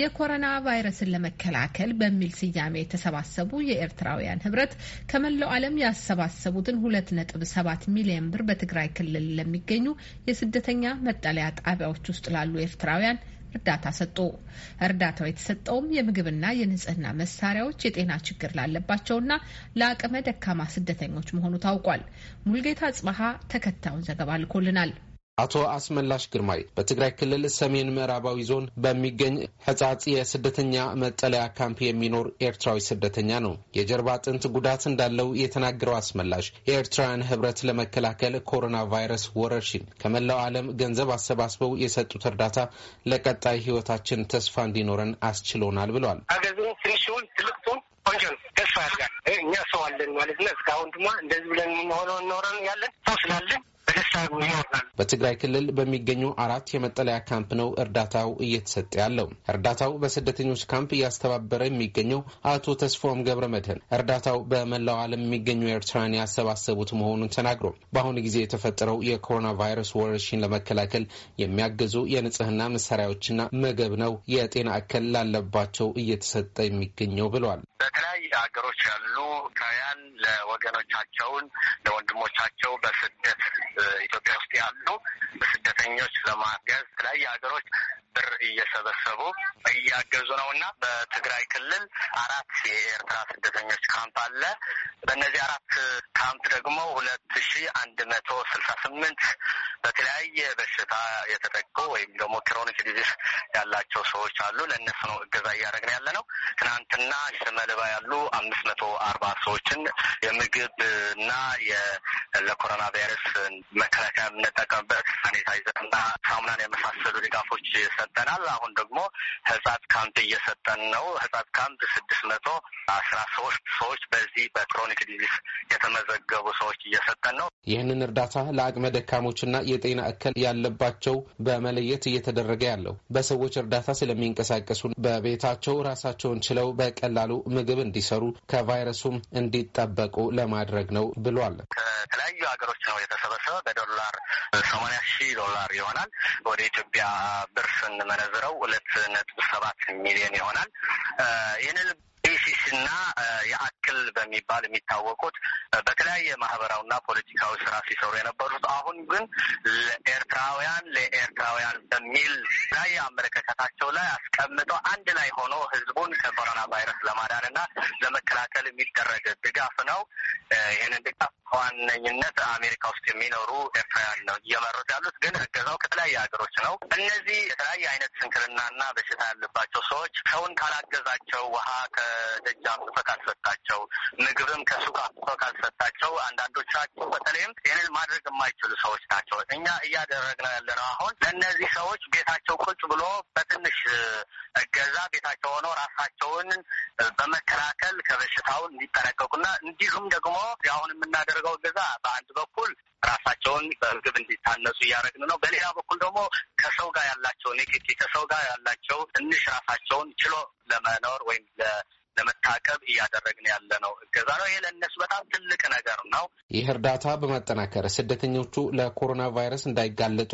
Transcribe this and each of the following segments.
የኮሮና ቫይረስን ለመከላከል በሚል ስያሜ የተሰባሰቡ የኤርትራውያን ህብረት ከመላው ዓለም ያሰባሰቡትን ሁለት ነጥብ ሰባት ሚሊዮን ብር በትግራይ ክልል ለሚገኙ የስደተኛ መጠለያ ጣቢያዎች ውስጥ ላሉ ኤርትራውያን እርዳታ ሰጡ። እርዳታው የተሰጠውም የምግብና የንጽህና መሳሪያዎች የጤና ችግር ላለባቸውና ለአቅመ ደካማ ስደተኞች መሆኑ ታውቋል። ሙልጌታ ጽበሀ ተከታዩን ዘገባ ልኮልናል። አቶ አስመላሽ ግርማይ በትግራይ ክልል ሰሜን ምዕራባዊ ዞን በሚገኝ ሕጻጽ የስደተኛ መጠለያ ካምፕ የሚኖር ኤርትራዊ ስደተኛ ነው። የጀርባ አጥንት ጉዳት እንዳለው የተናገረው አስመላሽ የኤርትራውያን ህብረት ለመከላከል ኮሮና ቫይረስ ወረርሽኝ ከመላው ዓለም ገንዘብ አሰባስበው የሰጡት እርዳታ ለቀጣይ ህይወታችን ተስፋ እንዲኖረን አስችሎናል ብለዋል። ቆንጆ ነው፣ ተስፋ ያድጋል። እኛ ሰው አለን ማለት ነው። እስካሁን ድማ እንደዚህ ብለን የምንሆነው እንኖረን ያለን ሰው ስላለን በትግራይ ክልል በሚገኙ አራት የመጠለያ ካምፕ ነው እርዳታው እየተሰጠ ያለው። እርዳታው በስደተኞች ካምፕ እያስተባበረ የሚገኘው አቶ ተስፎም ገብረ መድህን እርዳታው በመላው ዓለም የሚገኙ ኤርትራን ያሰባሰቡት መሆኑን ተናግሮ በአሁኑ ጊዜ የተፈጠረው የኮሮና ቫይረስ ወረርሽኝ ለመከላከል የሚያገዙ የንጽህና መሳሪያዎችና ምግብ ነው የጤና እክል ላለባቸው እየተሰጠ የሚገኘው ብለዋል። ሀገሮች ያሉ ኢትዮጵያውያን ለወገኖቻቸውን ለወንድሞቻቸው በስደት ኢትዮጵያ ውስጥ ያሉ በስደተኞች ለማገዝ የተለያዩ ሀገሮች ብር እየሰበሰቡ እያገዙ ነው እና በትግራይ ክልል አራት የኤርትራ ስደተኞች ካምፕ አለ። በእነዚህ አራት ካምፕ ደግሞ ሁለት ሺ አንድ መቶ ስልሳ ስምንት በተለያየ በሽታ የተጠቁ ወይም ደግሞ ክሮኒክ ዲዚስ ያላቸው ሰዎች አሉ። ለእነሱ ነው እገዛ እያደረግን ያለ ነው። ትናንትና ሽመልባ ያሉ አምስት መቶ አርባ ሰዎችን የምግብ እና ለኮሮና ቫይረስ መከላከያ የምንጠቀምበት ሳኒታይዘር እና ሳሙናን የመሳሰሉ ድጋፎች ሰጠናል። አሁን ደግሞ ህጻት ካምፕ እየሰጠን ነው። ህጻት ካምፕ ስድስት መቶ አስራ ሶስት ሰዎች በዚህ በክሮኒክ ዲዚስ የተመዘገቡ ሰዎች እየሰጠን ነው። ይህንን እርዳታ ለአቅመ ደካሞችና የጤና እክል ያለባቸው በመለየት እየተደረገ ያለው በሰዎች እርዳታ ስለሚንቀሳቀሱ በቤታቸው ራሳቸውን ችለው በቀላሉ ምግብ እንዲሰሩ ከቫይረሱም እንዲጠበቁ ለማድረግ ነው ብሏል። ከተለያዩ ሀገሮች ነው የተሰበሰበ በዶላር ሰማንያ ሺህ ዶላር ይሆናል። ወደ ኢትዮጵያ ብር ስንመነዝረው ሁለት ነጥብ ሰባት ሚሊዮን ይሆናል። ይህንን እና የአክል በሚባል የሚታወቁት በተለያየ ማህበራዊና ፖለቲካዊ ስራ ሲሰሩ የነበሩት አሁን ግን ለኤርትራውያን ለኤርትራውያን በሚል ላይ አመለካከታቸው ላይ አስቀምጠው አንድ ላይ ሆኖ ህዝቡን ከኮሮና ቫይረስ ለማዳን ለመከላከል የሚደረግ ድጋፍ ነው። ይህንን ድጋፍ በዋነኝነት አሜሪካ ውስጥ የሚኖሩ ኤርትራውያን ነው እየመሩት ያሉት። ግን እገዛው ከተለያየ ሀገሮች ነው። እነዚህ የተለያየ አይነት ስንክልናና በሽታ ያለባቸው ሰዎች ሰውን ካላገዛቸው፣ ውሃ ከደጃም አምጥቶ ካልሰጣቸው፣ ምግብም ከሱቅ አምጥቶ ካልሰጣቸው አንዳንዶቻቸው በተለይም ይህንን ማድረግ የማይችሉ ሰዎች ናቸው። እኛ እያደረግነው ያለነው አሁን ለእነዚህ ሰዎች ቤታቸው ቁጭ ብሎ በትንሽ እገዛ ቤታቸው ሆነው ራሳቸውን በመከላከል ከበሽታው እንዲጠነቀቁና እንዲሁም ደግሞ አሁን የምናደርገው እገዛ በአንድ በኩል ራሳቸውን በምግብ እንዲታነሱ እያደረግን ነው። በሌላ በኩል ደግሞ ከሰው ጋር ያላቸው ንክኪ ከሰው ጋር ያላቸው ትንሽ ራሳቸውን ችሎ ለመኖር ወይም ለመታቀብ እያደረግን ያለነው እገዛ ነው። ይሄ ለእነሱ በጣም ትልቅ ነገር ነው። ይህ እርዳታ በመጠናከር ስደተኞቹ ለኮሮና ቫይረስ እንዳይጋለጡ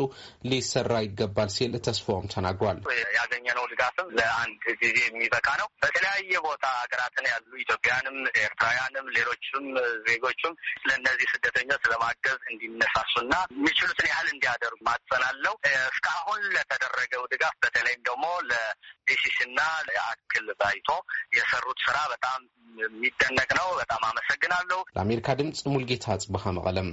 ሊሰራ ይገባል ሲል ተስፋውም ተናግሯል። ያገኘነው ድጋፍም ለአንድ ጊዜ የሚበቃ ነው። በተለያየ ቦታ ሀገራትን ያሉ ኢትዮጵያንም፣ ኤርትራውያንም ሌሎችም ዜጎችም ስለእነዚህ ስደተኞች ለማገዝ እንዲነሳሱና የሚችሉትን ያህል እንዲያደርጉ ማጸናለው። እስካሁን ለተደረገው ድጋፍ በተለይም ደግሞ ለዲሲሲ እና ለአክል ባይቶ የሰሩ የሰሩት ስራ በጣም የሚደነቅ ነው። በጣም አመሰግናለሁ። ለአሜሪካ ድምፅ ሙልጌታ ጽብሃ መቀለም